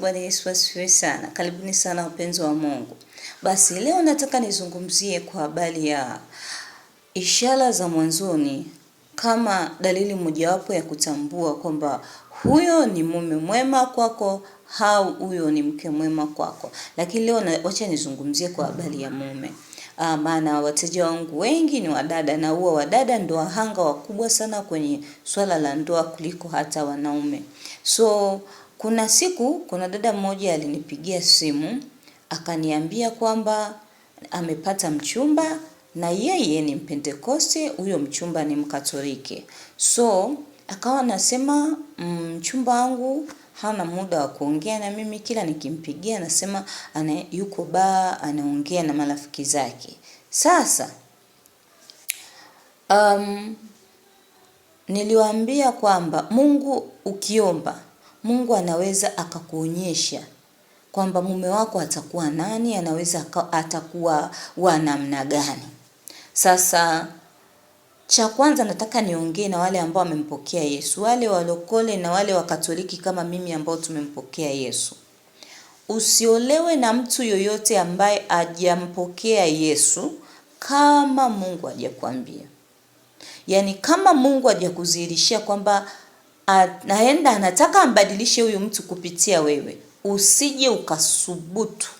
Bwana Yesu asifiwe sana. Karibuni sana wapenzi wa Mungu. Basi leo nataka nizungumzie kwa habari ya ishara za mwanzoni kama dalili mojawapo ya kutambua kwamba huyo ni mume mwema kwako au huyo ni mke mwema kwako. Lakini leo wacha nizungumzie kwa habari ya mume. Ah, maana wateja wangu wengi ni wadada na huwa wadada ndo wahanga wakubwa sana kwenye swala la ndoa kuliko hata wanaume. So kuna siku kuna dada mmoja alinipigia simu akaniambia kwamba amepata mchumba na yeye ni Mpentekoste, huyo mchumba ni Mkatoliki. So akawa anasema mm, mchumba wangu hana muda wa kuongea na mimi, kila nikimpigia anasema ana yuko baa anaongea na marafiki zake. Sasa um, niliwaambia kwamba Mungu ukiomba Mungu anaweza akakuonyesha kwamba mume wako atakuwa nani, anaweza atakuwa wa namna gani. Sasa cha kwanza nataka niongee na wale ambao wamempokea Yesu, wale walokole na wale wakatoliki kama mimi ambao tumempokea Yesu. Usiolewe na mtu yoyote ambaye hajampokea Yesu kama Mungu hajakwambia. Yaani kama Mungu hajakudhihirishia kwamba anaenda anataka ambadilishe huyu mtu kupitia wewe. Usije ukasubutu,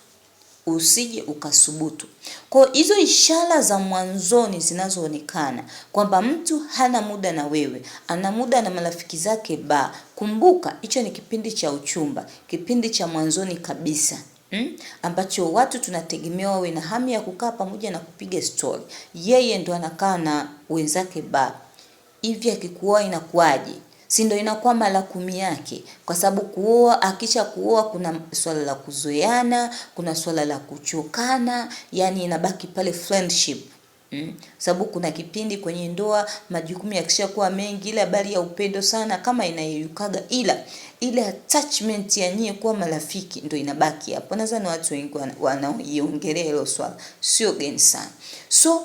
usije ukasubutu. Kwa hizo ishara za mwanzoni zinazoonekana kwamba mtu hana muda na wewe, ana muda na marafiki zake ba, kumbuka hicho ni kipindi cha uchumba, kipindi cha mwanzoni kabisa. Hmm, ambacho watu tunategemea wawe na hamu ya kukaa pamoja na kupiga story. Yeye ndo anakaa na wenzake ba, hivi akikuoa inakuwaje? si ndio inakuwa mara kumi yake, kwa sababu kuoa, akisha kuoa kuna swala la kuzoeana, kuna swala la kuchokana, yani inabaki pale friendship Mm. Sababu kuna kipindi kwenye ndoa majukumu yakishakuwa mengi, ile habari ya upendo sana kama inayeyukaga, ila ile attachment ya nyie kuwa marafiki ndio inabaki hapo. Nadhani watu wengi wanaiongelea hilo swala, sio geni sana. So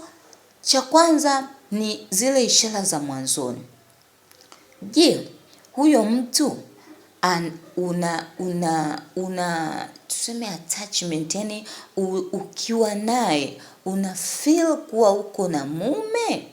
cha kwanza ni zile ishara za mwanzoni. Je, huyo mtu an, una una una tuseme attachment, yani u, ukiwa naye una feel kuwa uko na mume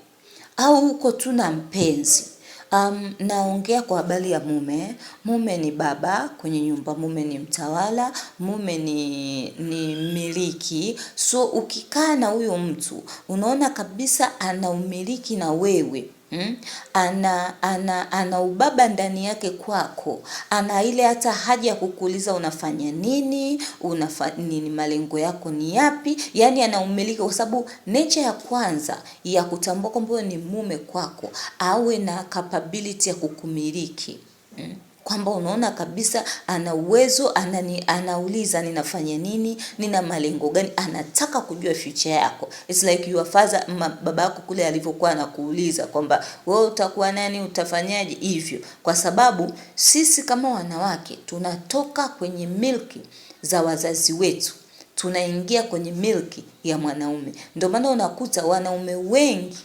au uko tu na mpenzi? Um, naongea kwa habari ya mume. Mume ni baba kwenye nyumba, mume ni mtawala, mume ni ni mmiliki. So ukikaa na huyo mtu unaona kabisa ana umiliki na wewe Hmm? Ana, ana, ana ubaba ndani yake kwako, ana ile hata haja ya kukuuliza unafanya nini, unafa, nini malengo yako ni yapi, yani anaumiliki, kwa sababu nature ya kwanza ya kutambua kwamba ni mume kwako, awe na capability ya kukumiliki hmm? kwamba unaona kabisa ana uwezo anani, anauliza ninafanya nini, nina malengo gani, anataka kujua future yako. It's like your father, baba yako kule alivyokuwa anakuuliza kwamba wewe utakuwa nani, utafanyaje hivyo, kwa sababu sisi kama wanawake tunatoka kwenye milki za wazazi wetu tunaingia kwenye milki ya mwanaume. Ndio maana unakuta wanaume wengi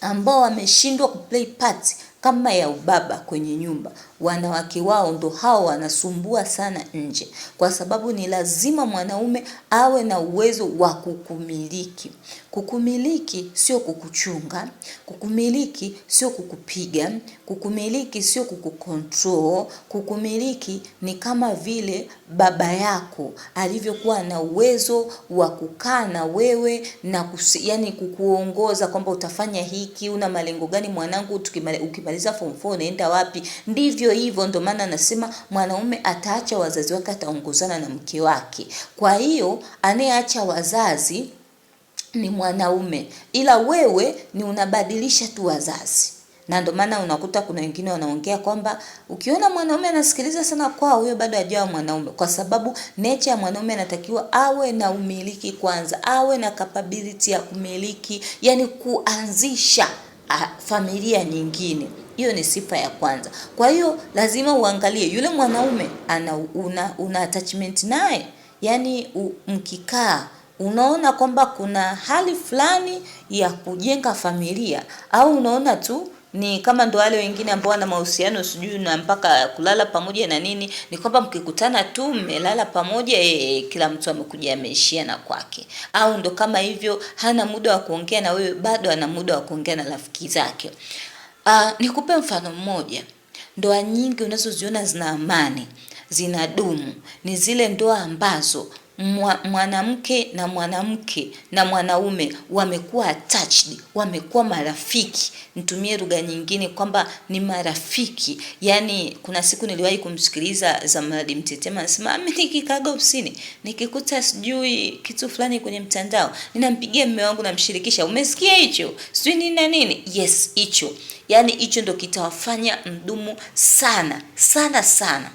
ambao wameshindwa kuplay part kama ya ubaba kwenye nyumba, wanawake wao ndo hao wanasumbua sana nje, kwa sababu ni lazima mwanaume awe na uwezo wa kukumiliki. Kukumiliki sio kukuchunga, kukumiliki sio kukupiga, kukumiliki sio kukukontrol. Kukumiliki ni kama vile baba yako alivyokuwa na uwezo wa kukaa na wewe na kusi, yani kukuongoza kwamba utafanya hiki, una malengo gani mwanangu, tukimale, ukimale nimemaliza form 4 unaenda wapi? Ndivyo hivyo, ndio maana anasema mwanaume ataacha wazazi wake, ataongozana na mke wake. Kwa hiyo anayeacha wazazi ni mwanaume, ila wewe ni unabadilisha tu wazazi na ndio maana unakuta kuna wengine wanaongea kwamba ukiona mwanaume anasikiliza sana kwao, huyo bado hajawa mwanaume, kwa sababu nature ya mwanaume anatakiwa awe na umiliki kwanza, awe na capability ya kumiliki, yani kuanzisha familia nyingine. Hiyo ni sifa ya kwanza. Kwa hiyo lazima uangalie yule mwanaume ana una, una attachment naye, yaani mkikaa unaona kwamba kuna hali fulani ya kujenga familia au unaona tu ni kama ndo wale wengine ambao wana mahusiano sijui na mpaka kulala pamoja na nini, ni kwamba mkikutana tu mmelala pamoja e, kila mtu amekuja ameishia na kwake, au ndo kama hivyo, hana muda wa kuongea na wewe, bado ana muda wa kuongea na rafiki zake. Ah, nikupe mfano mmoja, ndoa nyingi unazoziona zina amani, zina dumu, ni zile ndoa ambazo mwanamke na mwanamke na mwanaume wamekuwa attached, wamekuwa marafiki. Nitumie lugha nyingine kwamba ni marafiki. Yani, kuna siku niliwahi kumsikiliza Zamradi Mtetema anasema, mimi nikikaga ofisini nikikuta sijui kitu fulani kwenye mtandao ninampigia mume wangu, namshirikisha, umesikia hicho, sijui nini na nini. Yes, hicho yani, hicho ndo kitawafanya mdumu sana sana sana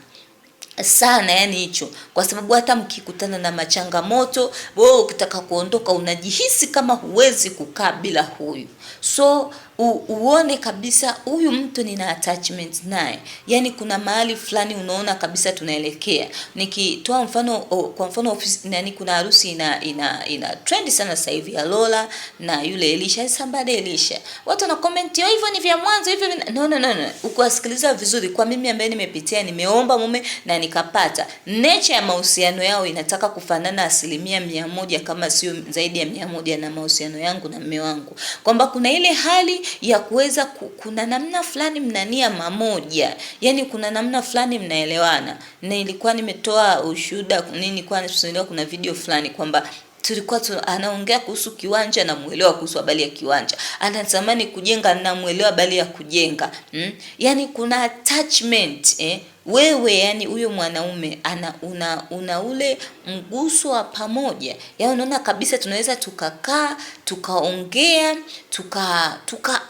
sana yani hicho, kwa sababu hata mkikutana na machangamoto, wewe ukitaka kuondoka unajihisi kama huwezi kukaa bila huyu so u, uone kabisa huyu mtu nina attachment naye, yani kuna mahali fulani unaona kabisa tunaelekea. Nikitoa mfano o, kwa mfano ofisi nani, kuna harusi ina ina, ina trend sana sasa hivi ya Lola na yule Elisha Sambade. Elisha watu wana comment hiyo, hivyo ni vya mwanzo hivyo vina... no, no, no, no. Ukiwasikiliza vizuri, kwa mimi ambaye nimepitia, nimeomba mume na nikapata, nature ya mahusiano yao inataka kufanana asilimia mia moja kama sio zaidi ya mia moja na mahusiano yangu na mume wangu, kwamba kuna ile hali ya kuweza kuna namna fulani mnania mamoja, yani kuna namna fulani mnaelewana, na ilikuwa nimetoa ushuhuda nini, kwa kuna video fulani kwamba tulikuwa tu, anaongea kuhusu kiwanja namwelewa kuhusu habari ya kiwanja, anatamani kujenga namwelewa habari ya kujenga mm? Yani kuna attachment eh? Wewe yani huyo mwanaume ana una, una ule mguso wa pamoja, yani unaona kabisa tunaweza tukakaa tukaongea tuka, tuka, tuka